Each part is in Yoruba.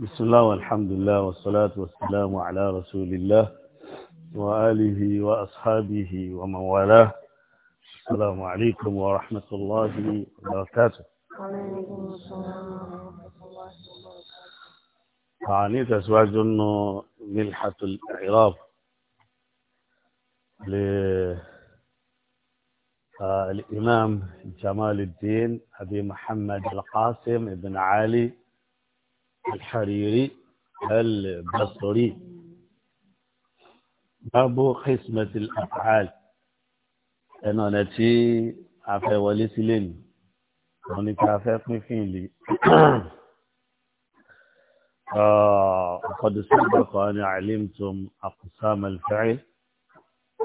بسم الله والحمد لله والصلاة والسلام على رسول الله وآله وأصحابه ومن والاه السلام عليكم ورحمة الله وبركاته أعني تسواج أنه ملحة الإعراب للإمام آه، جمال الدين أبي محمد القاسم بن علي الحريري البصري باب قسمة الأفعال أنا نتي عفا ولي سلين أنا كافر قفين لي قد سبق أن علمتم أقسام الفعل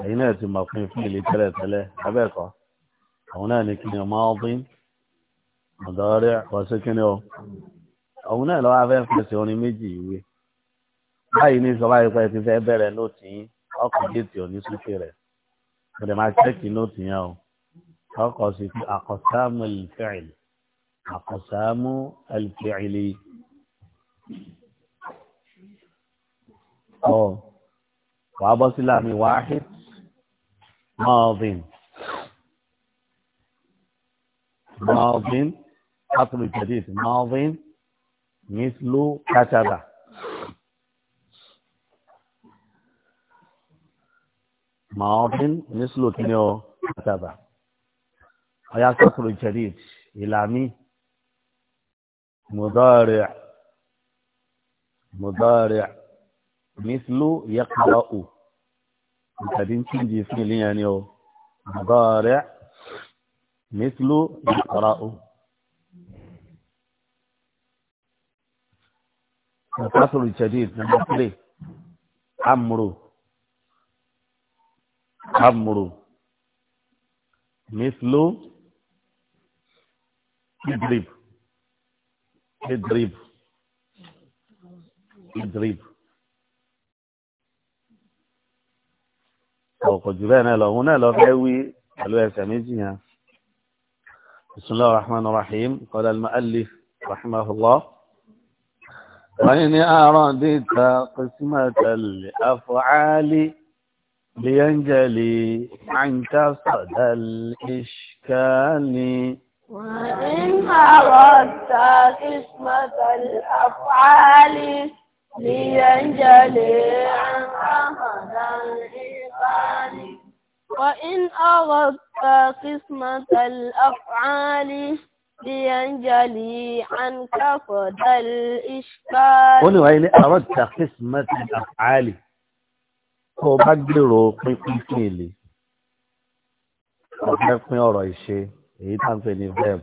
هنا يتم قفين لي ثلاثة له أبقى هنالك ماضي مضارع وسكن òun náà lọ́wọ́ afẹ́ fẹsẹ̀ orin méjì ìwé báyìí ní sọ báyìí pé ti fẹ́ bẹ̀rẹ̀ nóòtì yín ọkọ̀ géètì òní sókè rẹ̀ mo dẹ̀ máa chẹ́kì nóòtì yẹn o ọkọ̀ sì fi àkọsáàmù ẹlìfẹ́ẹ̀lì àkọsáàmù ẹlìfẹ́ẹ̀lì ọ wàá bọ́ sí láàmì wáhid malvin malvin látọ̀lù jẹ̀dí malvin. مثل كتب معاطن مثل كنيو كتب ويا كفر الجديد إلى مي مضارع مضارع مثل يقرأ القديم تنجي في ليانيو مضارع مثل يقرأ تاسو لري جديد نه مخلي عمرو عمرو مثلو يدريب يدريب يدريب او قدرانا لهنا لغوي الو يا بسم الله الرحمن الرحيم قال المؤلف رحمه الله وإن أردت قسمة الأفعال لينجلي عنك صدى الإشكال وإن أردت قسمة الأفعال لينجلي عنك صدى الإشكال وإن أردت قسمة الأفعال لينجلي عنك صدى الإشكال ó ní wáyé ní àrọ́jà kìsìmẹ́tì àfàálì tó bá gbèrò pínpín fún èlé ọ̀fẹ́ pín ọ̀rọ̀ ìṣe èyí tá ń pè ní verb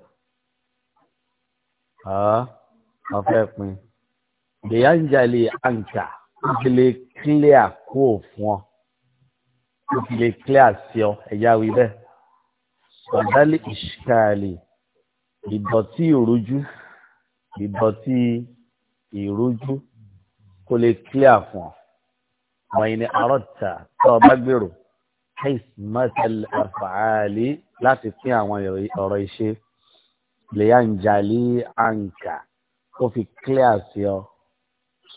ọ̀fẹ́ pín lèyànjàlè àǹkà ó fi lè clear kó o fún ọ ó fi lè clear sí ọ ẹ̀yà wí bẹ́ẹ̀ sọ̀dálì ìṣkáàlì ìdọ̀tí ìrújú ìdọ̀tí ìrújú kò lè clear fún ọ wọ̀nyí ni arọ́ta tó o bá gbèrò hais matal afaali láti pín àwọn ọ̀rọ̀ ìṣe lèyà ń jalè ànkà kó fi clear sí ọ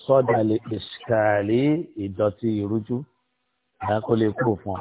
sọ́dà lè ìṣkàlì ìdọ̀tí ìrújú lè kúrò fún ọ.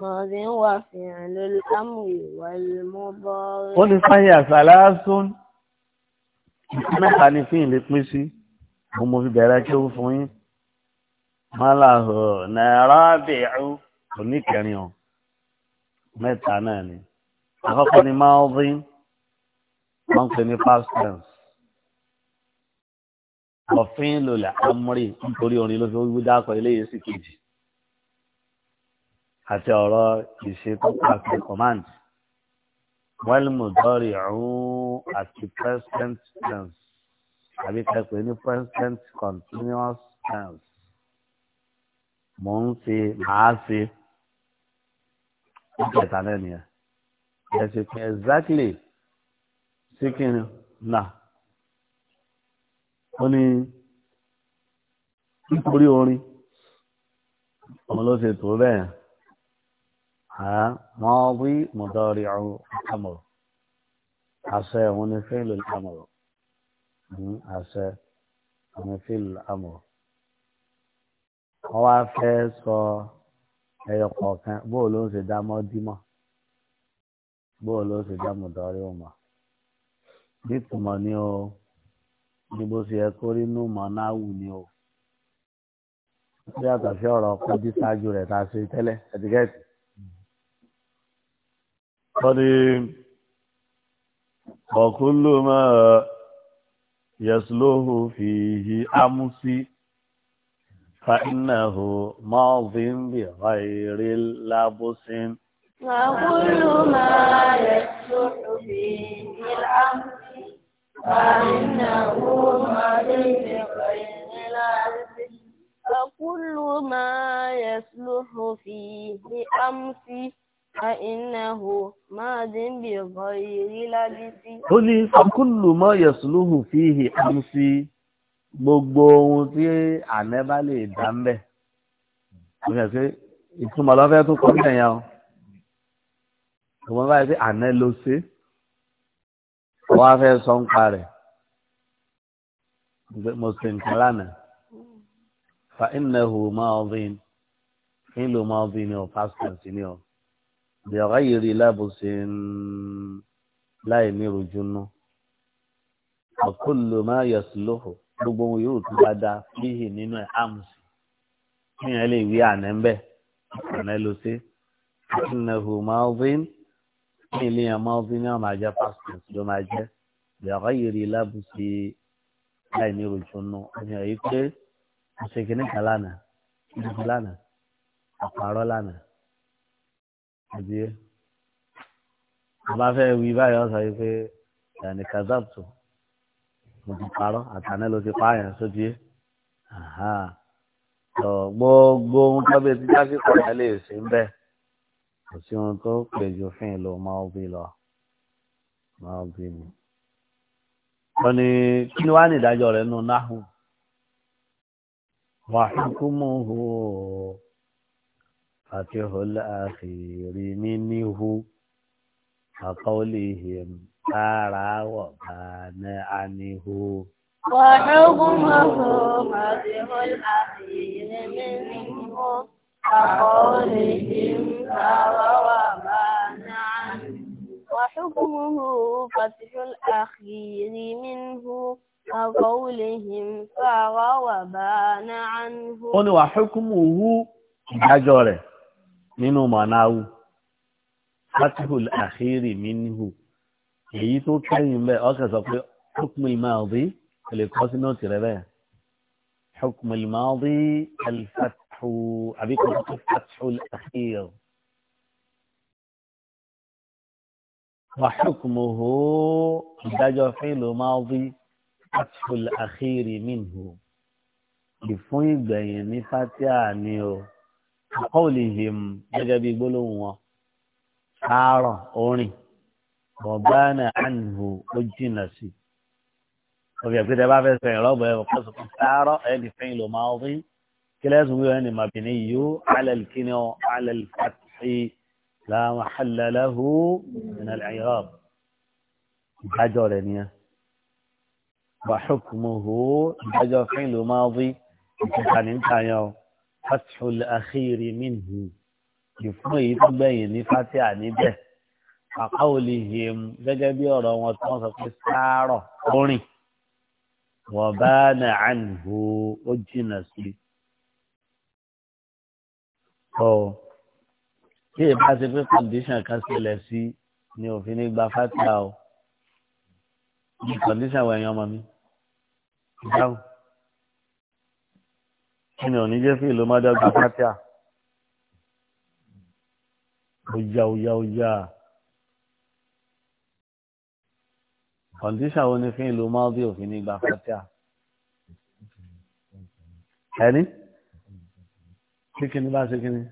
mọ̀ọ́dín wà fi hàn lórí ámùrè wà lè mú bọ́ọ̀rẹ́. ó ní sáyé àṣà lásán mẹ́ta ni fíìn lè pín sí mo mo fi bẹ̀rẹ̀ kí ó fún yín mọ́láhù nàìrábìrú oníkẹrin ọ̀ mẹ́ta náà ni àkọ́kọ́ ni mọ́ọ́dín wọ́n ń pè ní past tense ọ̀fin lòlẹ̀ amúrè nítorí orin ló fi wíwú dákọ̀ eléyìí sí kejì àti ọ̀rọ̀ ìṣètọ́pọ̀ àti command wẹ́lmùdọ́rì ọ̀hún àti present tense àbí kẹ́pẹ́ ní present continuous tense mò ń ṣe màá ṣe ìkẹta náà nìyẹn ẹ̀sìn pé exactly síkìn náà ó ní nítorí orin ọmọ ló ṣe tó bẹ́ẹ̀. ماضي مضارع أمر عسى هنا فعل الأمر عسى هنا فعل الأمر هو فيصل ẹyọ kọ̀ọ̀kan bóò ló ń ṣe dá mọ́dímọ́ ni o ní bó ṣe yẹ kó ni o قديم وكل ما يسلوه فيه أمسي فإنه ماض بغير اللبس وكل ما يسلوه فيه الأمس فإنه ماض بغير اللبس وكل ما يسلوه فيه أمسي فإنه ماض بغير لبس ó ní fàkúlù mọ́ yẹ̀sùlùhù fíhì àmúsí gbogbo ohun tí àná bá lè dá ń bẹ̀ ó yẹ pé ìtumọ̀ lọ́fẹ́ tó kọ́ bẹ̀yà o ìwọ́n báyìí pé àná ló ṣe wọ́n á fẹ́ sọ ń pa rẹ̀ mo ṣe nǹkan lánàá fa ìnáwó máa ọ̀bìn ìlú máa ọ̀bìn ni ọ̀ pásítọ̀ sí ni ọ̀ bẹ̀rẹ̀ yìí lábùsẹ̀ láì ní rojúnú ọ̀kúlù máa yẹ sílòfò gbogbo ohun yóò tún bá da fíhì nínú ẹ̀ àmùsì kíyàn lè wí àná ń bẹ̀ àná ló ṣe ìnáwó malvin ní ilé yẹn malvin náà máa jẹ́ pastors ló máa jẹ́ bẹ̀rẹ̀ yìí lábùsẹ̀ láì ní rojúnú ọ̀yàn yìí pé àṣekínní kan lánàá àpárọ̀ lánàá àdìyẹ àbá fẹ́ wí báyọ̀ sọ yìí pé ẹnì kazapto mo ti parọ́ àtànẹ́ ló ti pààyàn sójú yé gbogbo ohun tó bẹ ti dájú kọ̀ọ̀kan lè ṣe ń bẹ́ẹ̀ kò sí ohun tó pè ju fún ìlò máa bí lọ máa bí mi. wọ́n ní kí ni wàá ní ìdájọ́ rẹ̀ nù náhùn wàhùn kú hù ú. فتح الأخير منه كقولهم ترى وبان عنه وحكمه فتح الأخير منه كقولهم ترى وبان عنه وحكمه فتح الأخير منه كقولهم ترى وبان عنه. قل وحكمه ìdájọ́ rẹ̀. nínú mọ̀náwù fatihul akhiri minhu èyí tó kẹ́yìn bẹ́ẹ̀ ọkà sọ pé hukmul maadi kò lè kọ́ sínú òtì rẹ bẹ́ẹ̀ hukmul maadi alfathu àbí kò tó fatihul akhir. وحكمه دجا فعل ماضي فتح الأخير منه ìfún ìgbẹ̀yìn ní fatia ni o qawlihim gẹ́gẹ́ bí gbólóhùn wọn sáárọ̀ orin bọ̀bánà ànìhù ó jìnà sí òbí ẹ̀pẹ́ tẹ bá fẹ́ sọ ìrọ́bù ẹ̀ kọ́ sọ fún sáárọ̀ ẹni fẹ́yìn ló máa rí kílẹ̀sùn wíwọ ẹni màbìnrin yìí alẹ́lì kíni ọ alẹ́lì fàtí la mahalla lahu min al ìdájọ́ rẹ̀ nìyẹn wa hukmuhu ìdájọ́ fẹ́yìn ló máa rí ìtìkà ní ìtàyàn fathul akhiri minhu ìfún èyí tó gbẹ̀yìn ní fatia níbẹ̀ àkàwòlì hìm gẹ́gẹ́ bí ọ̀rọ̀ wọn tí wọ́n sọ pé sáárọ̀ orin wọ́n bá nà ànìhó ó jìnnà sí i. ọ̀ tí ìbá ti pé kọ̀ǹdíṣàn kan ṣẹlẹ̀ sí ni òfin ní gba fatia o ní wẹ̀yìn ọmọ mi kí ni òní jẹ́ fún ìlú mádàgbà pátíà ọjà ọjà ọjà kọ̀ǹdíṣà wo ni fún ìlú máàbí òfin ní ìgbà pátíà ẹni kí kíni bá ṣe kíni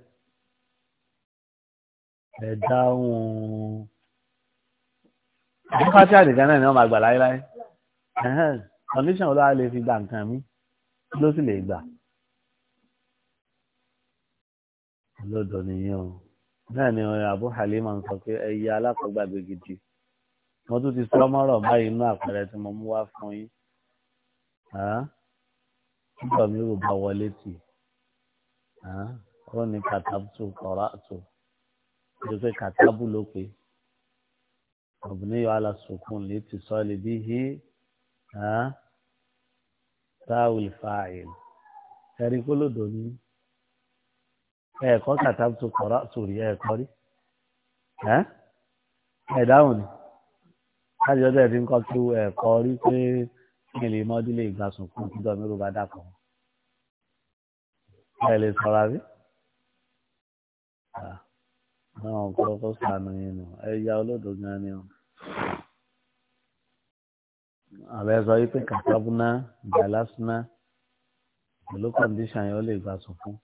ẹ̀dá ohun àwọn pátíà nìkan náà ni wọ́n máa gbà láéláé kọ̀ǹdíṣà wo ló wá lè fi gbà nǹkan mi ló sì lè gbà. lọ́dọ̀ nìyẹn o náà ni ọ̀rẹ́ àbú halima ń sọ pé ẹyẹ alákọ̀ọ́gbàgbé gidi wọ́n tún ti sọ mọ́rọ̀ báyìí inú àpẹẹrẹ tí mo mú wá fún yín nígbà mi ò bá wọlé tì ó ní kàtàbùtù kọ̀ọ̀rọ̀àtù ó pé kàtàbù ló pe ọ̀bùnìyàn alásùnkùn lè ti bí hí táwìl fáìl ẹ̀rí kólódò ní ẹ̀ẹ̀kọ́ kàtàkùtù kọ̀rọ̀ sórí ẹ̀ẹ̀kọ́ rí ẹ́ ẹ̀dáhùn ni láti ọjọ́ ẹ̀fín kọ́ tó ẹ̀ẹ̀kọ́ rí pé kí lè mọ́ dílé ìgbàsùn fún títọ́ mi ló bá dàpọ̀ ẹ̀ lè sọ̀rọ̀ àbí. náà kọ́ kó sànù yín nù ẹ̀yà olódò gan ni o. àbẹ̀ sọ wípé kàtàbùnà ìgbàlásùnà pẹ̀lú kọ̀ǹdíṣàn yẹn ó lè gbàsùn fún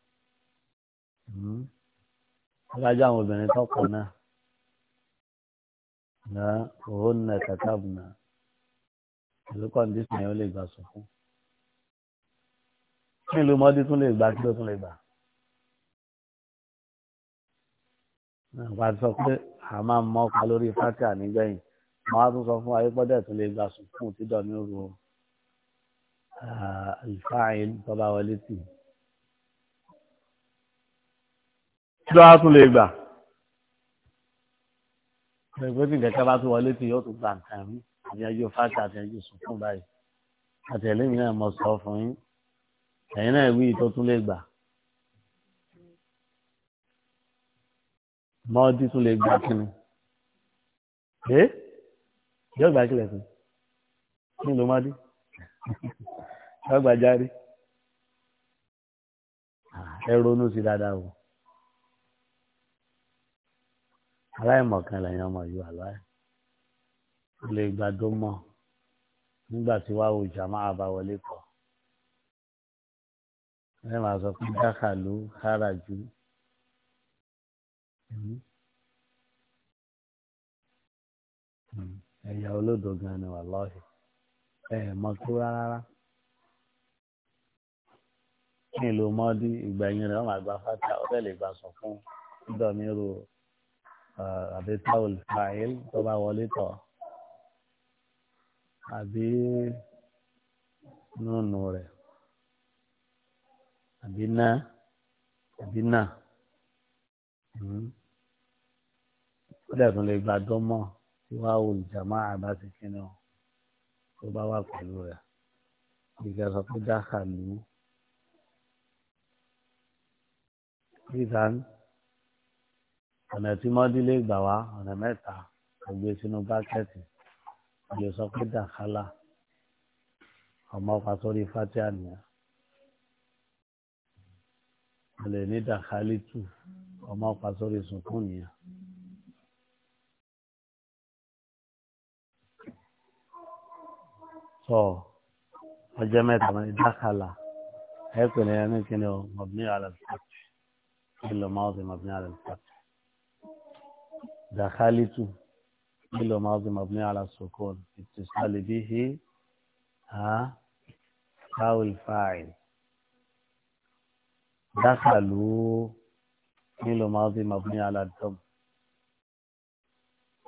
alájà hmm. àwọn obìnrin tọkọ náà na òun nà kàtàbù nà ìlú kọ́ndíṣìn yẹn ó lè gbà sọ fún kí ìlú mọ́dí tún lè gbà kí ló tún lè gbà. àgbà sọ pé a máa ń mọ́ka lórí fátíà nígbẹ̀yìn wọ́n á tún sọ fún ayépọ́dẹ̀ tó lè gbà sùn fún òtítọ́ ní òru ìfáàyè tó wọlé tì í. kí ló wá tún lè gbà ẹgbẹ́ tí ìgbẹ́ká bá tún wọlé tí yóò tún gba nǹkan mi àti ẹjọ́ fáta àti ẹjọ́ sunkún báyìí àti ẹlẹ́mìí náà mọ̀ sọ fún yín ẹ̀yin náà wí tó tún lè gbà mọ́ọ́dí tún lè gbà kí ni ẹ yóò gbà kílẹ̀ fún mi ló má dé yóò járe ẹ ronú sí dáadáa o. aláìmọ̀kan lẹ́yìn ọmọ yìí wà láyé ó lè gba tó mọ̀ nígbà tí wàá wo jàmá àbáwọlé kọ ẹ máa sọ pé dákàlú káràjú hmm. Hmm. ẹ̀yà olódò gan ni wà lọ́ọ̀hì ẹ̀ mọ́ tó rárá ní ìlú mọ́dí ìgbẹ̀yìn rẹ̀ wọ́n máa gba fátà ọ̀rẹ́ lè gbà sọ fún ìdọ̀míru rẹ̀. Eh, àbí táwùl fàáyìl tó bá wọlé tọ̀ àbí nùnù rẹ̀ àbí náà àbí náà hmm. ó dẹ̀ tún lè gba dọ́mọ̀ tí wàá wò ìjàmá àbá ti kíni o tó bá wà pẹ̀lú rẹ̀ ìgbà sọ pé dáhà lù ú ọ̀nà tí mọ́dílé gbà wá ọ̀nà mẹ́ta ògbé sínú bákẹ́ẹ̀tì ìjọ sọ pé dàkálà ọmọ fasọ́rí fatia nìyà lè ní dàkálì tù ọmọ fasọ́rí sunkún nìyà. sọ ọjọ́ mẹ́ta ní dàkálà ẹ pè ní ẹni kí ni ọ mọ̀bí ní alẹ́ fàtì ìlú máa ń sè mọ̀bí ní alẹ́ fàtì. دخلت فعل ماضي مبني على السكون اتصال به ها أو الفاعل دخلوا فعل ماضي مبني على الضم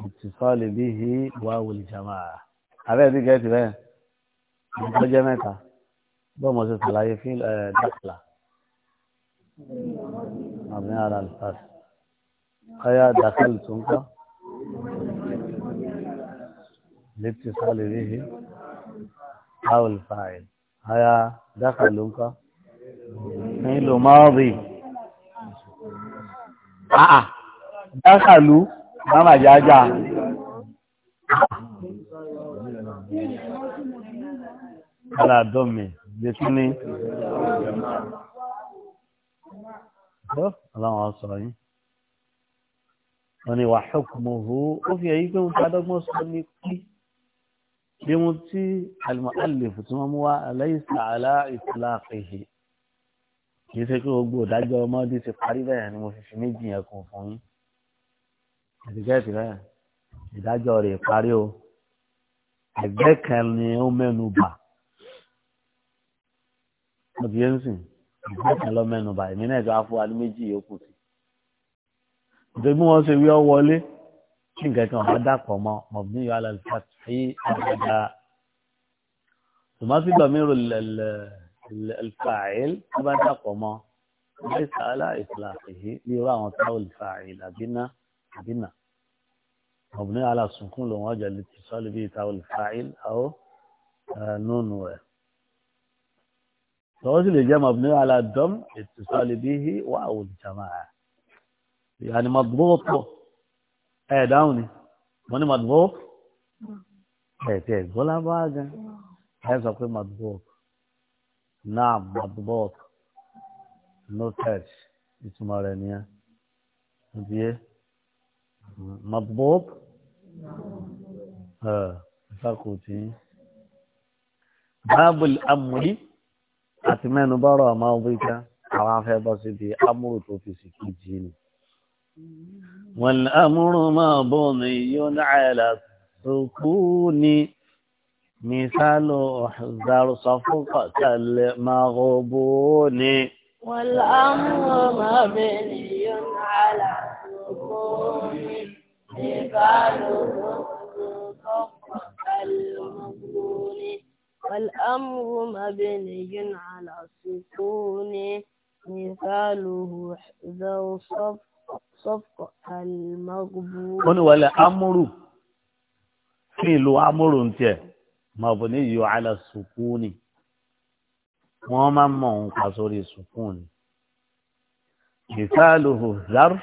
اتصال به واو الجماعة هذا دي جاتي بقى متوجه متى بموجة العيفين دخلة مبني على الفصل aya dakhaltum ka litisal bihi aw al fa'il aya dakhalum ka fi'l madi ah ah dakhalu mama jaja ala domi yekini ọlọ́run ọ̀sọ̀ yìí wọ́n ní wàhùkùmùhù ó fi èyí pé wọ́n tàdọ́gbọ́n sọ ní pí bí wọ́n tí alìmọ̀álìfù tí wọ́n mú wá aláìsà aláìsàláàfihì kì í ṣe pé gbogbo ìdájọ́ ọmọdé ti parí bẹ́ẹ̀ ni mo fi fi méjì yẹn kún fún yín ẹ̀dìgẹ́tì bẹ́ẹ̀ ìdájọ́ rẹ̀ parí o ẹgbẹ́ kan ni ó mẹ́nu bà ọ̀dìyẹ́nsìn ẹgbẹ́ kan lọ mẹ́nu bà èmi náà ti wá yòókù sí nítorí bí wọ́n ṣe wí ọ́ wọlé kí nǹkan kan ọ̀hún dàpọ̀ mọ́ mọ̀bí yọ alàlùfà sí àgbàdà tòmátì dọ̀míìrò lẹ́lẹ́fàáìl tó bá dàpọ̀ mọ́ ilé sàálà ìfìlàfìhì ní irú àwọn táwọn ìfàáìl àbínà àbínà mọ̀bí yọ alàsùnkún lòun ọjà lè ti sọ́ọ́lù bíi táwọn يعني مضبوط ايه داوني ماني مضبوط ايه تيه ولا حاجه عايز اقول مضبوط نعم مضبوط نو تاتش اسمها رانيا مضبوط ها فاقوتي باب الامر اتمنى برا ماضيك عرفه بس دي امر تو في سكيجيني والأمر مبني على السكون مثال احذر صفقة المغبون والأمر مبني على السكون مثال والأمر مبني على السكون مثاله احذر صفقة sọ́fọ̀ àlùmọ́gbù. wọ́n ní wàlẹ̀ amúrù fún ìlú amúrù ń tiẹ̀ màbọ̀ ní yọ àlà sùkúùnì wọ́n máa ń mọ̀ ń pa sórí sùkúùnì. ìsáàlùhù zarf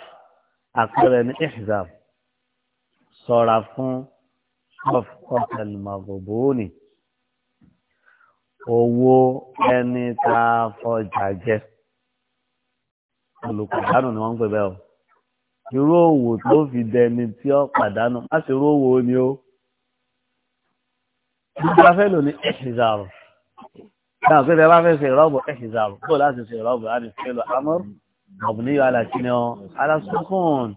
àpẹẹrẹ ní ihzam sọ̀ra fún sọ́fọ̀ àlùmọ́gbù ni owó ẹni tá a fọjà jẹ olùkọ̀dánù ni wọ́n ń pè bẹ́ẹ̀ o irú òwò tó fi dẹni tí ó pàdánù má irú òwò ni ó nígbà fẹ́ lò ní ẹ̀ṣìzàrù náà pé tẹ́lá fẹ́ ṣe ìrọ́bù ẹ̀ṣìzàrù kó láti ṣe ìrọ́bù láti ṣe lọ amọ́ ọ̀bùnìyàn alákíní ọ alásùnkùn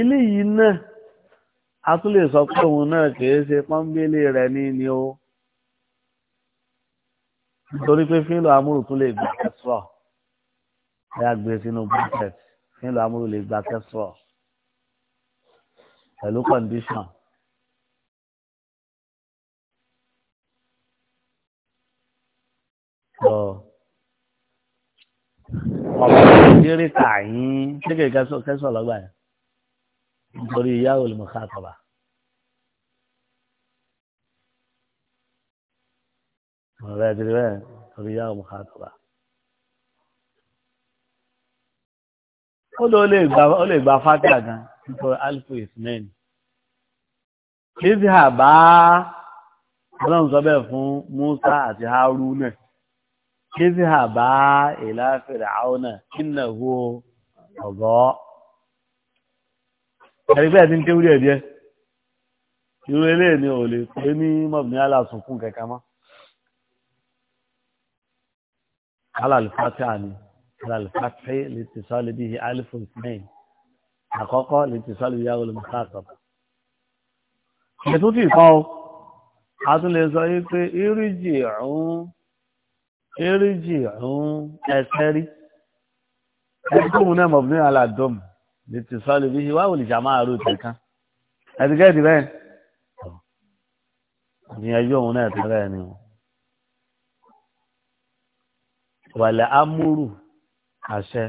ilé yìí náà a tún lè sọ pé òun náà kìí ṣe pọ́ńbélé rẹ̀ ní ni ó nítorí pé fílò amúrù tún lè gbé ẹ̀ṣọ́ ẹ̀ á gbé nílò amúrú lè gba kẹsọ̀ pẹ̀lú kọ̀ǹdíṣàn. ọ̀pọ̀ ìdírí kàyín kékeré kẹsọ̀ lọ́gbà yẹn nítorí ìyá olùmọ̀ká àtọ̀bà. ọ̀rẹ́ ti rí bẹ́ẹ̀ nítorí ìyá olùmọ̀ká àtọ̀bà. ó ló lè gba fátíà gan nítorí alifu ismail ìsìhà bá ọlọ́run sọ bẹ́ẹ̀ fún musa àti haruna ìsìhà bá ìlà fir'auna innahu ọ̀gọ́ ẹ̀rí pé ẹ̀ ti ń kéwúrí ẹ̀ díẹ̀ irú eléyìí ni ò lè pé ní mọ̀bìnrin aláṣùnkún kẹ̀kẹ́ mọ́ alàlùfáà tí على الفتح لاتصال به ألف واثنين حقق لاتصال به المخاطب ètò tí ìkan o a tún lè sọ yí pé iríjì ọ̀hún iríjì ọ̀hún ẹsẹ̀ rí ẹgbẹ́mù náà mọ̀ ní aládùn lè ti sọ lè fi ṣe wáwò lè ṣe àmà àrò ìtẹ̀kan ẹ̀dìgẹ́dì bẹ́ẹ̀ ìyẹn yóò òun náà tẹ́lẹ̀ ni wọ́n wàlẹ̀ amúrù àṣẹ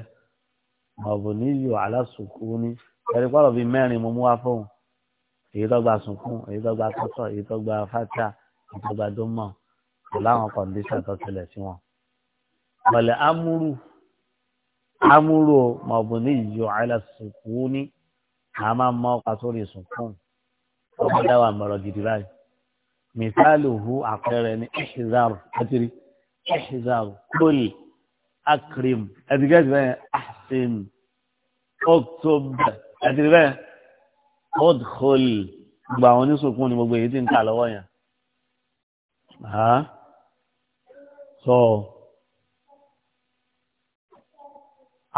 ọ̀bùn níyù aláṣùkún ní ẹni pọ́lọ̀ bíi mẹ́rin mo mú wá fóun èyí tó gba sunkún èyí tó gba tọ́tọ̀ èyí tó gba fatia èyí tó gba dómọ̀ kò láwọn kọ̀ǹdíṣà tó tilẹ̀ sí wọn. ọ̀lẹ̀ amúrù amúrù ọ̀bùn níyù aláṣùkún ní a máa mọ ọkà sunkún ọkọ̀ dáwà mọ̀rọ̀ gidi báyìí. mìsáàlù hu àpẹẹrẹ ní ẹ̀ṣizáàrù kátìrí ẹ̀ṣizáàrù kúrò akrim ẹ̀dìgẹ́sì bẹ́ẹ̀ ahsin oktober ẹ̀dìgẹ́sì bẹ́ẹ̀ odhol gbogbo àwọn oníṣòkun ni gbogbo èyí tí ń kà lọ́wọ́ yẹn sọ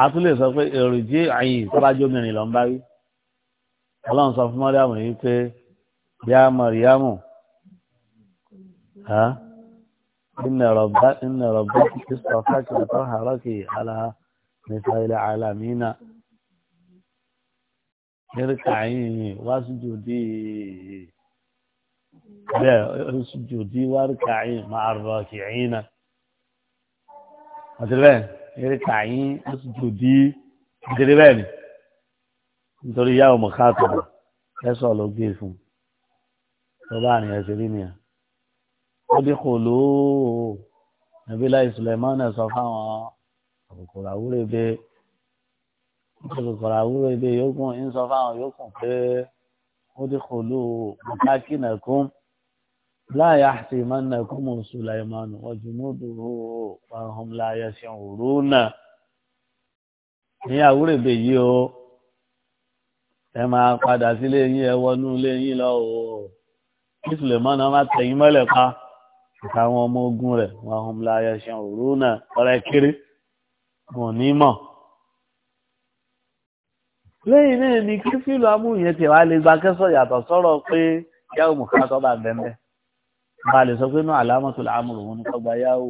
àtúlẹ̀ sọ pé èròjì àyìn tọ́lájú obìnrin lọ ń bá rí sọ fún mọ́ríàmù yìí pé yá mọ̀ríàmù إن ربك إن ربك اصطفاك وطهرك على مثال العالمين اركعي واسجدي لا اسجدي واركعي مع الراكعين أدربان اركعي اسجدي أدربان nítorí yá ọmọ káàtó ẹ sọ ló يا fún ọdínkòló nàbílá ìsùlẹ̀mánà sọ fáwọn àkùkọ̀rọ̀ àwúrẹ́ bẹ́ àkùkọ̀rọ̀ àwúrẹ́ bẹ́ yókùn ń sọ fáwọn yókùn pé ọdínkòló mọ̀tákìnàkùn láàyè àtìmánàkùn mọ̀ sùlẹ̀mánà ọ̀jùmọ́dúró wàhùn láyé ṣẹ̀wòrò náà ní àwúrẹ́ bẹ́ yìí o ẹ máa padà sílé yín ẹ wọnú ilé yín lọ o kí sùlẹ̀mánà má tẹ̀yìn mọ́lẹ̀ pa àtàwọn ọmọ ogun rẹ̀ wọn hùm láyà ṣan òru náà ọ̀rẹ́ kiri wọn ní mọ̀. lẹ́yìn náà ni kí fílù amúyẹn tiẹ̀ wá lè gba kẹ́sọ̀ yàtọ̀ sọ̀rọ̀ pé yàwó mùkátọ́ bá bẹ́ẹ̀ bá lè sọ pé náà àlámọ̀tò làámùrù wọn ni kọ́gbà yàwó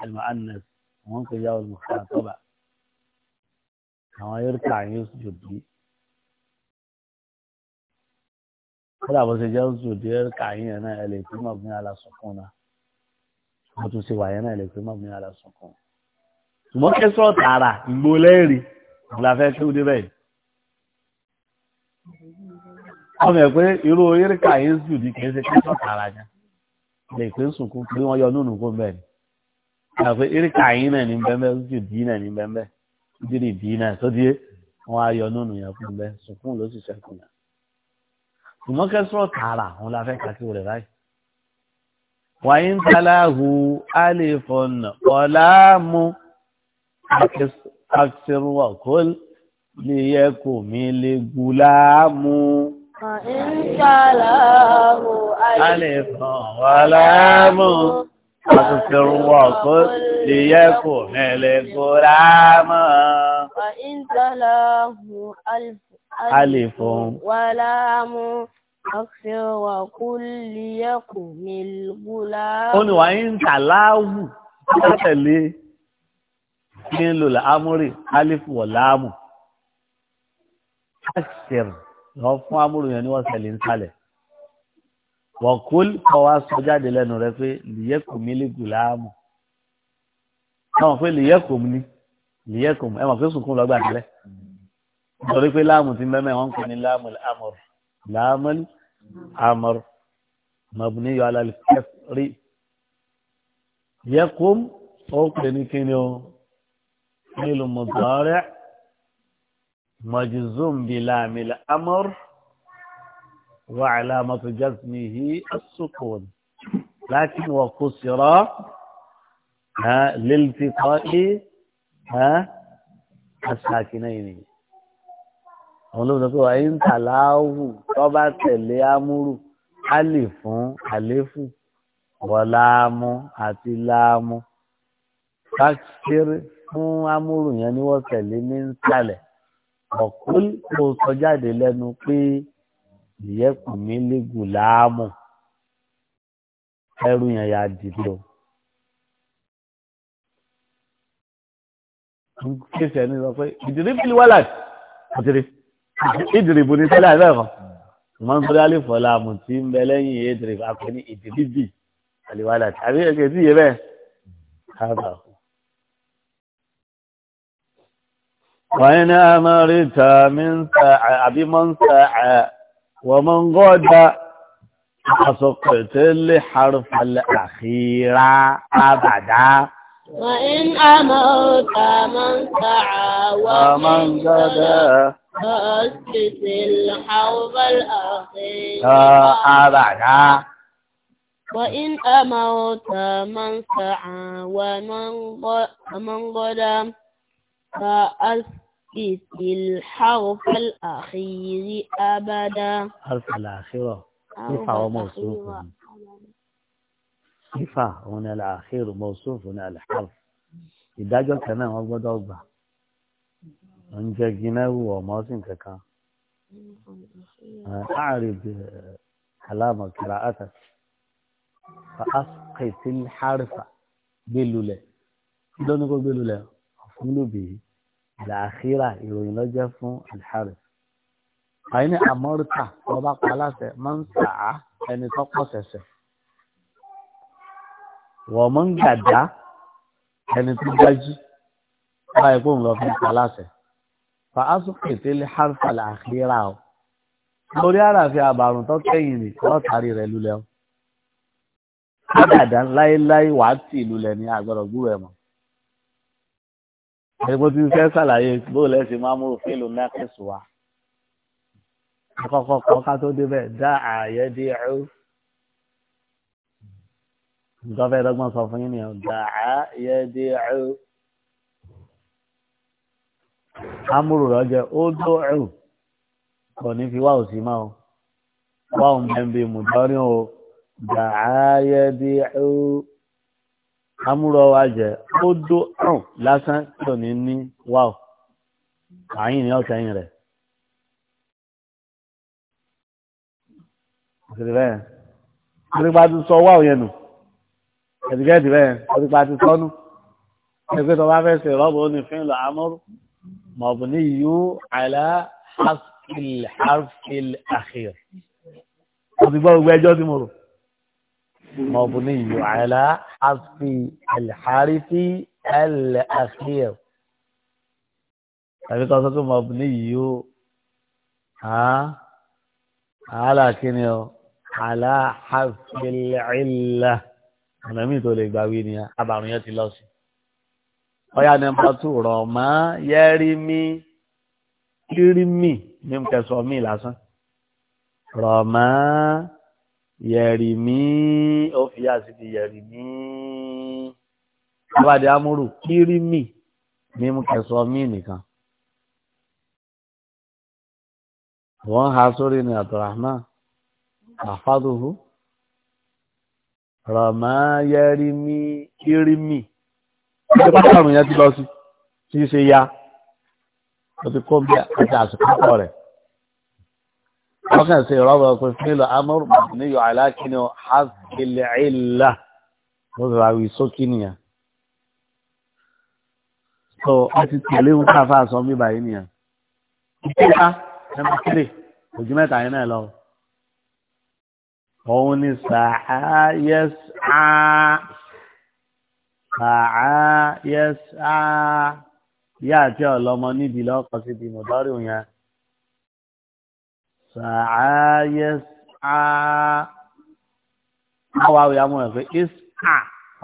àlùmọ́ anẹ́s wọn kò yàwó mùkátọ́ bá àwọn yorùbá yóò jòdì kódà bó ṣe jẹ́ òṣòdì yorùbá yẹn náà ẹ lè túmọ̀ fún aláṣọ náà wọ́n tún ṣe wàyẹn náà lè pé má mi ara sùn kan ṣùgbọ́n kẹsàn tààrà ìgbò lẹ́rìí òun la fẹ́ kéwú débẹ̀ yìí ọmọ ẹ̀ pé irú eréka yìí ń sùn ní kìí ṣe kẹsàn tààrà yẹn lè pé ń sùn kú pé wọ́n yọ nínú kó bẹ́ẹ̀ ni àpé eréka yìí náà ní bẹ́ẹ̀ sùn dì náà ní bẹ́ẹ̀ dídì dì náà sódì wọ́n á yọ nínú yẹn kó bẹ́ẹ̀ sùn kún ló sì ṣẹ́kù náà ṣùgbọ́n kẹsàn tààrà òun la fẹ́ kàkí rẹ̀ báyìí wàyín taláhu alifon ọ̀làmú àfisirwakol lè yẹ kò mí lè gùlámù. wàyín taláhu alifon ọ̀làmú àfisirwakol lè yẹ kò mí wàyín taláhu alifon ọ̀làmú àṣẹ wà kó liyẹ kò mí gbóla. ó ní wàá ń tà láàwù látẹ̀lé kí ń lò láàmúrè alifu wọ̀ láàmù. àṣẹr lọ fún amúrò yẹn ni wọ́n ṣẹlẹ̀ ń sálẹ̀. wọ̀kúl kọ́ wa sọ jáde lẹ́nu rẹ pé liyẹ kò mí lè gbóláàmù. táwọn pé liyẹ kò mí liyẹ kò ẹ mọ̀ pé sùnkún lọ́gbà tẹ́lẹ̀. nítorí pé láàmù ti mẹ́mẹ́ wọ́n ń ní láàmù lámọ́rù. láàmù عمر مبني على الكسر يقوم أوكني كنيو فعل مضارع مجزوم بلام الامر وعلامة جزمه السكون لكن وقصر ها الساكنين àwọn olóòtú pé wàá ń tàláwù tó bá tẹ̀lé amúrù alì fún àléfù wọ̀láàmú àti láàmú káṣírí fún amúrù yẹn ni wọ́n tẹ̀lé ní nsàlẹ̀ ọ̀kúl kò sọ jáde lẹ́nu pé ìyẹ́kùn mi légùn láàmú ẹrù yẹn yà dìbò. kéṣẹ́ ni sọ pé ìdílé bíi wàlàtì ìdílé ìdìrìbù ní tẹ́lẹ̀ àìbẹ̀ kan wọ́n tó dálé fọlá àmù tí ń bẹ lẹ́yìn ìdìrìbù àpè ní ìdìrìbì àlìwádà àbí ẹ̀kẹ́ tí yé bẹ́ẹ̀ káàbà. wọ́n ní amẹ́ríkà àbí mọ́ńsà wọ́n mọ́ ń gọ́dá àsọ̀kọ̀ tẹ́lẹ̀ harfàlẹ̀ àkírá àbàdá. wọ́n ní amẹ́ríkà mọ́ńsà wọ́n mọ́ ń gọ́dá. فأسقط الحوض الأخير أبدا وإن أموت من سعى ومن ظلم فأسقط الحرف الأخير أبدا حرف كيف هو موصوف كيف هنا الأخير موصوف هنا الحرف إذا kan náà wọ́n gbọ́dọ̀ oúnjẹ gínáwó ọmọọsìn kankan أعرض كلام قراءتك فأسقط الحرف بلولة لو نقول بلولة مفعول به الأخيرة يروين لجا فون الحرف أين أمرت وبقى على من سعى أن تقصص ومن قدى أن تجاجي ما يكون لو في ثلاثة fa asùnkè tí lè hàrfà làkìrà o lórí àràfin àbàrùn tó kẹ́yìn ni wọ́n tari rẹ̀ lulẹ̀ o kádàdá láéláé wàá tì lulẹ̀ ní àgbọ̀dọ̀ gbúrò ẹ̀ mọ́ ẹgbẹ́ tí fẹ́ sàlàyé bóòlù ẹ̀sìn máa mú òfin lò nákẹ́sù wa àkọ́kọ́ kan ká tó débẹ̀ dá ààyè dé ẹ̀rú nǹkan fẹ́ dọ́gbọ́n sọ fún yín nìyẹn dá ààyè dé ẹ̀rú amúrù lọ́jọ́ ó dóòrù kò ní fi wá òsì máa o wá òun bẹ́ẹ̀ bí mùdọ́rin o dàáyé bí ó amúrù ọwọ́ àjẹ́ ó dóòrù lásán kò ní ní wá o àyìn ní ọ̀sẹ̀yìn rẹ̀. Òṣèlú bẹ́ẹ̀ nípa ti sọ wá òyìn nù ẹ̀dùgẹ́dù bẹ́ẹ̀ nípa ti sọ́nù ẹgbẹ́ tó bá fẹ́ ṣe rọ́bù ó ní fín lọ مبني على حذف الحرف الأخير أصدقاء وجاز مرو مبني على حذف الحرف الأخير tàbí kan sọ pé mọ̀bùnì yìí ó àálà kíni ọ àlá àfẹlẹ́ẹ̀lá ọ̀nà míì tó lè gbà wí ni abàrùn yẹn ti lọ sí i ọ̀yà nọ́mbà tù rọ̀ mọ́ yẹ́rìmí kírímì ní kẹsàn-án mi lásán rọ̀ mọ́ yẹ̀rìmí ó fi àsìkò yẹ̀rìmí abàdé amúrù kírímì ní kẹsàn-án mi nìkan. wọ́n ha sórí ní abdulrahman àfádùhù rọ̀ mọ́ yẹ́rìmí kírímì ṣe pátánù yẹn ti lọ sí kì í ṣe ya ó ti kó bí àti àsìkò pọ̀ rẹ̀ ọkàn ṣe ìrọ́bà pé nílò amúrù níyọ aláàkíní hàkìlẹ̀ ìlà ló ti ra wí sókè nìyẹn so ó ti tẹ̀lé ń káfà sọ mí báyìí nìyẹn ìpínlẹ̀ ẹ̀mọ́ kiri ojú mẹ́ta yẹn náà lọ òun ni sàáyẹ́sà sàá yẹsàá yá àti ọlọmọ níbi lọkọ sí ibi mọdọrì yẹn sàá yẹsàá àwọn àwòyá mọ ẹ pé isà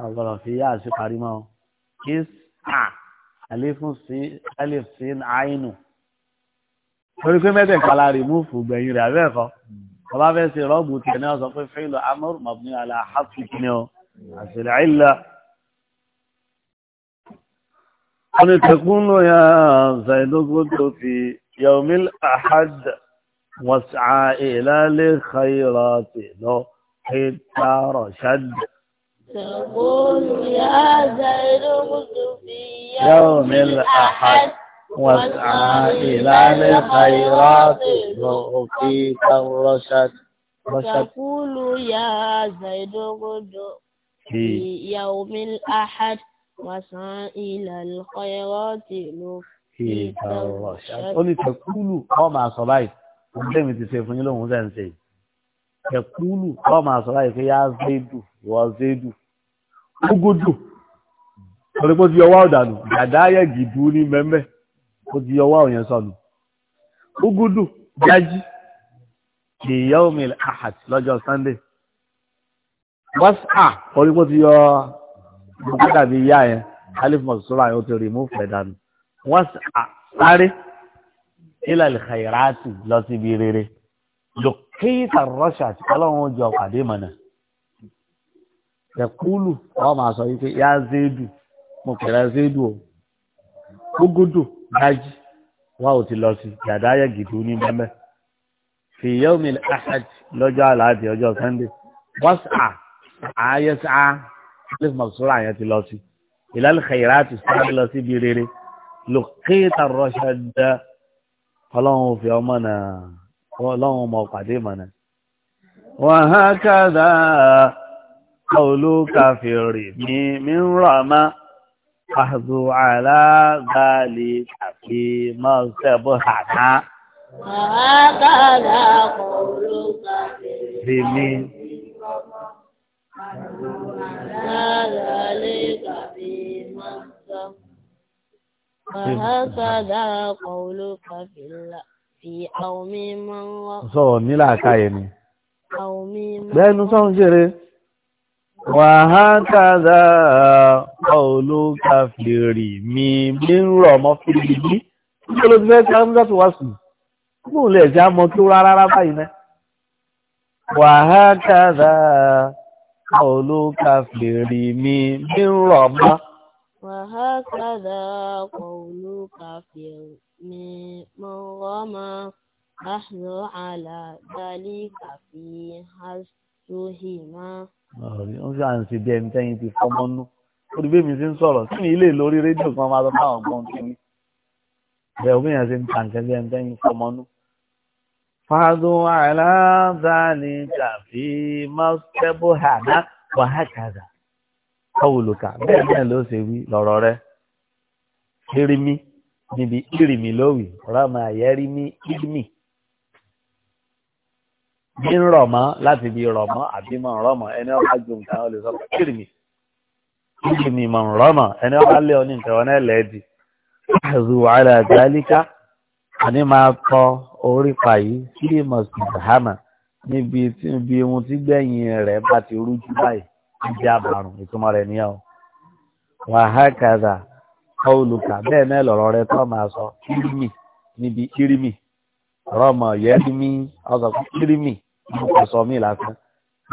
ọgbọràn fi yá àti parí mọ isà àlefún àìnù torí pé mẹ́tẹ̀ẹ̀kan la rìmúfù gbẹ̀yìn rẹ̀ abẹ́ẹ̀kọ́ ọba fẹ́ ṣe rọ́ọ̀bù tiẹ̀ náà sọ pé fẹ́ẹ́ lọ amọ́rùn-ún mọ̀bùnú àlà àhàtù kìnìún àṣìlẹ̀ àìlà. أن تكون يا زيد قلت في يوم الأحد واسعى إلى الخيرات لو حتى رشد تقول يا زيد قلت في يوم الأحد واسعى إلى الخيرات لو حتى رشد تقول يا زيد قلت في إيه. يوم الأحد وسعى إلى الخيرات لفتك الرشد. ó ní tẹ̀kúlù kọ́ máa sọ báyìí òun tẹ̀mí ti ṣe fún yín lóhun sẹ́yìn ṣe tẹ̀kúlù kọ́ máa sọ báyìí pé yá zédù wọ zédù ógódù torí pé ó ti yọ wá ọ̀dànù dàdá ayẹ gìdú ní mẹ́mẹ́ ó ti yọ wá òyìn sọnù ógódù jájí ìyá omi àhàt lọ́jọ́ sunday wọ́n sà torí pé ó ti yọ gbogbo dàbí yá yẹn alif mọ̀sọ́lá yẹn ó ti rìmúfù ẹ̀ dànù wọ́n sáré ilà ìkàyàrátì lọ síbi rere lòkèyìtà rọ́ṣà tí ọlọ́run ó jọ pàdé mọ̀nà ẹ̀kúlù wọ́n máa sọ wípé yá zéèdù mo pèrè zéèdù o gbógódò dájí wá ò ti lọ sí yàdá ayẹ̀gìdì ní mẹ́mẹ́ fi yẹ́wùmí ahad lọ́jọ́ àlàáfíà ọjọ́ sunday wọ́n sà áyẹ́sà alif maksura yẹn ti lọ sí ìlàlẹ xeyìrà ti sáré lọ sí ibi rere lókèéta rọṣà dá ọlọ́run fi ọmọ náà ọlọ́run mọ pàdé mọ náà. wọ́n há kàdá olùkàfẹ́rì mi mi ń rọ̀ ọ́ máa àzù àlágbàlè àti mọ́sẹ̀bọ̀ àná. Àákàlà kò ló ذلك فيما hmm. وهكذا قولك في في أو ممن sọ̀rọ̀ nílàákàyè ni bẹ́ẹ̀nu sọ́run ṣeré wàhákàdà olùkàfèrè mi mi ń rọ̀ mọ́ fìdí bí kí ló ti fẹ́ ká ń dọ́tù wá sùn mú lè já mọ́ tó rárá báyìí náà wàhákàdà olùkàfèrè mi mi ń rọ̀ mọ́. wàhákàdà olùkàfèrè mi mọ̀ rọ̀ mọ́ àṣọ àlàdálì kàfí àṣọhì mọ́. ọ̀rẹ́ ń ṣe bí ẹni tẹ́yìn ti fọmọ́ nú orí bèbí ti ń sọ̀rọ̀ sí ilé lórí rédíò kan máa lọ fáwọn ọgbọ́n kìíní. bẹ́ẹ̀ obìnrin ṣe ń tàǹkẹ́ bí ẹni tẹ́yìn fọmọ́ nú. فاضوا على ذلك فيما استبهنا وهكذا قولك bẹ́ẹ̀ náà ló ṣe wí lọ́rọ̀ rẹ̀ irimi níbi irimi lówì rama yẹrimi irimi bí ń rọ̀mọ́ láti bí rọ̀mọ́ àbí mọ̀ rọ̀mọ́ ẹni ọba ju nǹkan ọ lè sọ pé irimi irimi mọ̀ rọ̀mọ́ ẹni ọba lé ọ ní nǹkan ọ náà lẹ́ẹ̀dì. àzùwàlà àgbálíkà àní máa tọ́ orí pa yìí sí mọ̀sùlùmí hama níbi tí ibi ohun tí gbẹ̀yìn rẹ̀ bá ti rújú báyìí níbi àbàrùn ìtumọ̀ rẹ̀ nìyẹn o. wàhákàdà olùkà bẹ́ẹ̀ náà lọ̀rọ̀ rẹ tó máa sọ kírímì níbi kírímì rọmọ yẹ́rìmí ọ̀sọ̀ kírímì ló kò sọ mí lásán.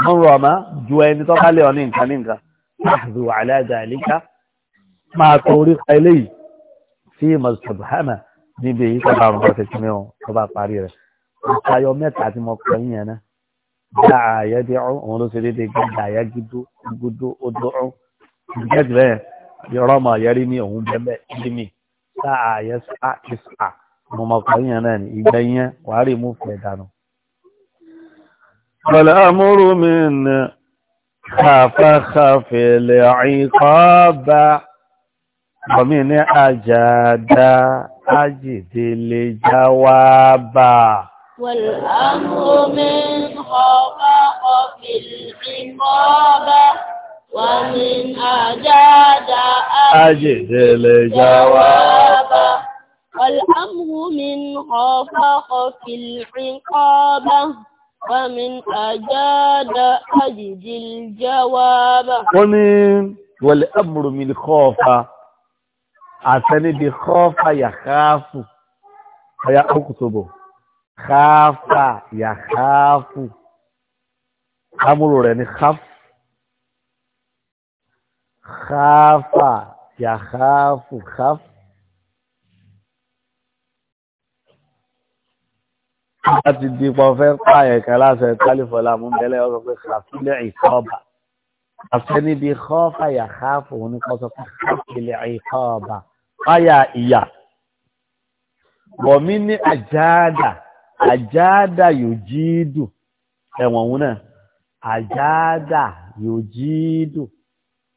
mo rọ̀ mọ́ ju ẹni tó bá lé ọ ní nǹkan ní nǹkan láàbù àlẹ́ àjà àlíká máa torí pa eléyìí sí mọ̀sùlùmí níbi èyí tó bá rùn bọ́ tẹ̀sí mi ò tó bá parí rẹ̀ ìtayọ mẹ́ta tí mo kọ yín yẹn ná dá ààyè dé ọ́ òun ló ṣe déédéé gbọ́dọ̀ ààyè gidó gidó ó dó ọ́ ìgbẹ́jì bẹ́ẹ̀ yọrọ ọmọ ààyè rí ní òun bẹ́ẹ̀ rí mi dá ààyè sá ìsà mo mọ kọ yín yẹn ìgbẹ́ yẹn wàá rí mú fẹ́ dànù. Bọ̀lá amúrú mi nà kàfàkàfẹ̀lẹ̀ àìkọ́ bá ọ̀mí ní àjàdá. أجد الجواب والأمر من خفق في العقابة ومن أجاد أجد الجواب والأمر من خفق في العقابة ومن أجاد أجد الجواب ومن والأمر من خفق àtẹnidì kọ́fà yàkáàfù ọ̀yà ọkùtòbò káfà yàkáàfù amúrò rẹ̀ ní káfù káfà yàkáàfù káfù. láti di pọ̀ fẹ́ pààyàn kan láti ẹ̀ kálífọ̀lá mú bẹ́lẹ̀ ọ̀rọ̀ pé kàfílẹ̀ ìkọ́bà àfẹnibí kọ́fà yà káfù ní kọ́sọ́ káfìlẹ̀ ìkọ́ọ̀bà fáyà ìyà bọ̀mí ní àjáàdà àjáàdà yóò jíìdù ẹ̀wọ̀n òun náà àjáàdà yóò jíìdù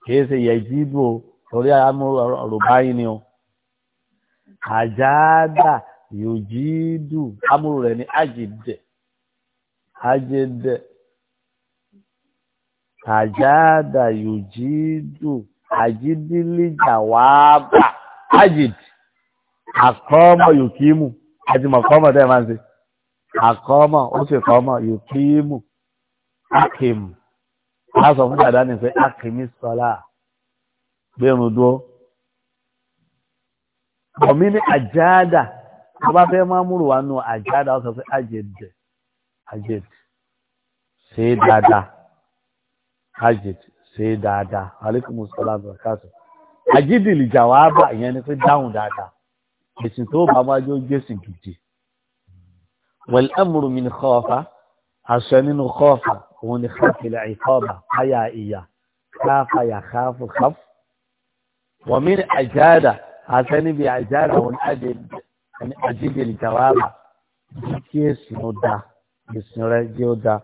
kìí ṣe yẹ jíìdù o torí àmúrò ọ̀rọ̀ báyìí ni o àjáàdà yóò jíìdù àmúrò rẹ̀ ní àjèdè àjèdè kàjáàdà yòjídù àjídílíjà wàá bà ájìd àkọ́mọ̀ yòkímù àti mọ̀kọ́mọ̀ tẹ́ máa ń ṣe àkọ́mọ̀ ó sì kọ́mọ̀ yòkímù ákìmù lásọ fún dàdá nìfẹ́ ákìmí sọlá gbẹrun dúró ọ̀mí ní àjáàdà tó bá fẹ́ máa múrù wá nù àjáàdà ó sọ fún àjèdè àjèdè ṣe dáadáa ajid ṣe dáadáa aleykum salaam barakáàtù ajidili jawaba ìyẹn ni pé dáhùn dáadáa èsì tó bá wájú ó gbèsè gidi wal amru min khawfa aṣọ nínú khawfa òun ni khafil iqaba káyà ìyà káfa yà káfù káfù wa min àjáàdà aṣọ níbi àjáàdà òun ajidili jawaba kí èsì ó da èsì rẹ jẹ́ ó da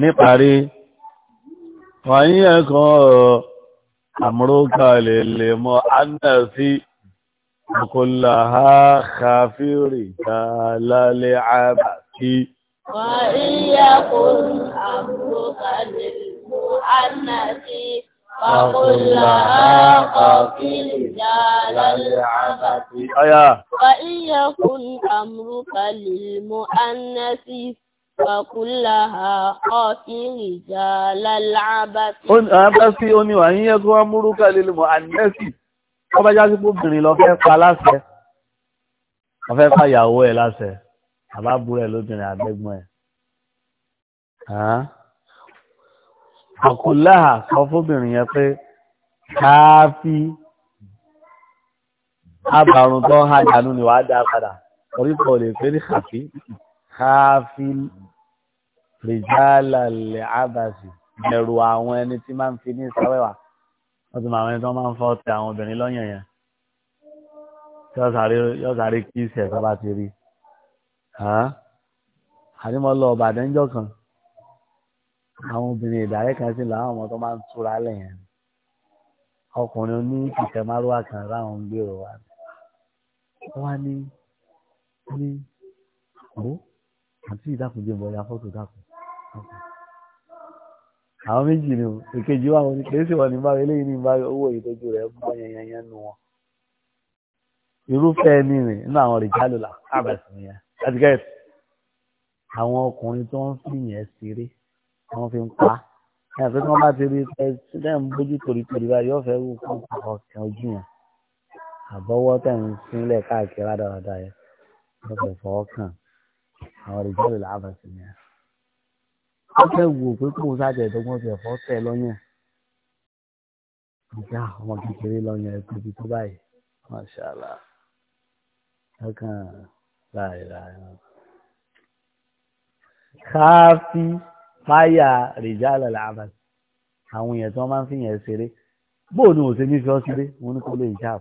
níparí wàyí ẹ̀kan àmúrókà lè lè mọ anàfi ọkùnláha káfíìrì ta lálẹ́ àbàtì. wàyí ẹ̀kan àmúrókà lè lè mọ anàfi ọkùnláha káfíìrì ta lálẹ́ àbàtì. wàyí ẹ̀kan àmúrókà lè mọ anàfi. Wàkúláha ọ̀sìn ìjà lálábàtì. Ó ní àbẹ́sí ó ní wàá yíyẹ kí wọ́n múrú kálílì mọ́ àdínẹ́sì. Wọ́n bá jásí pé obìnrin lọ fẹ́ pa láṣẹ. Wọ́n fẹ́ pa ìyàwó ẹ̀ láṣẹ. Bàbá burú ẹ̀ lóbìnrin àbẹ́gbọ́n ẹ̀. Wàkúláha sọ fóbìnrin yẹn pé káfí àbàrùn tó ń hàjà ni wàá dá padà. Orí kò lè pé ní kàfí. Káfí rìjálà lè ábàṣì ẹ̀rù àwọn ẹni tí máa ń fi ní sáwẹ́wà wọ́n ti mọ àwọn ẹni tí wọ́n máa ń fọ́ ti àwọn obìnrin lọ́yàn yẹn yóò sáré kí ìṣẹ̀ sábà ti rí àdìmọ́ lọ ọ̀bàdàn jọ kan àwọn obìnrin ìdàrẹ́ kan sí làwọn ọmọ tó máa ń túra lẹ́yìn ọkùnrin oní kìkẹ́ márùwá kan láwọn ń gbèrò wa wọ́n wá ní ní ó àti ìdákùnjẹ́ bọ̀ ya fọ́tò dákùn àwọn méjì ni o èkejì wa ni kìí sì wọ́n ní báyìí eléyìí ní báyìí owó ìtọ́jú rẹ̀ ń bọ́ yanyanyan nu wọn irúfẹ́ ẹni rìn nínú àwọn rìjálù là ábẹ̀sì nìyẹn láti gẹ̀ẹ́sì àwọn ọkùnrin tó ń fi yẹn ṣeré wọ́n fi ń pa ẹ̀ pé tí wọ́n bá ti rí ẹ ṣẹ́ ń bójú torítorí báyìí yóò fẹ́ wù kó ọkàn ojú yẹn àbọ̀wọ́ tẹ̀ ń sílẹ̀ káàkiri rádaràda yẹn wọ́n fọ́ ọkàn àwọn rìjálù là ábẹ̀sì nìyẹn ó fẹ́ wò pé kò sáàjẹ̀ ìdọ́gbọ́n fi ẹ̀fọ́ tẹ̀ lọ́yàn ìjà ah, ọmọ kékeré lọ́yàn ẹ̀ tóbi tó báyìí mọ́ṣáláà lọ́kàn láì láì káfí fáyà rìjà lọ́la àbàlẹ̀ àwọn èèyàn tí wọ́n máa ń fi yẹn ṣeré bóò ni òṣèlú fi ọ́ sílé wọn ní kó lè jà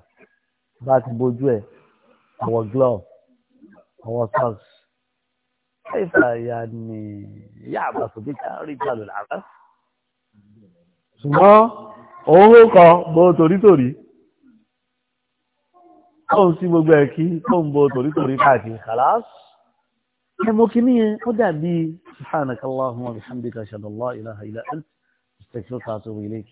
bá ti bójú ẹ̀ ọwọ́ glove ọwọ́ socks كيف يعني يعبس بك رجال العباس ṣùgbọ́n òun kọ bó torítorí tóun sí gbogbo ẹ̀ kí tóun bó torítorí káàkiri kàlás ẹmọ kìíní yẹn ó dàbí subhanakallahumma wa bihamdika ashhadu an la ilaha illa anta astaghfiruka wa atubu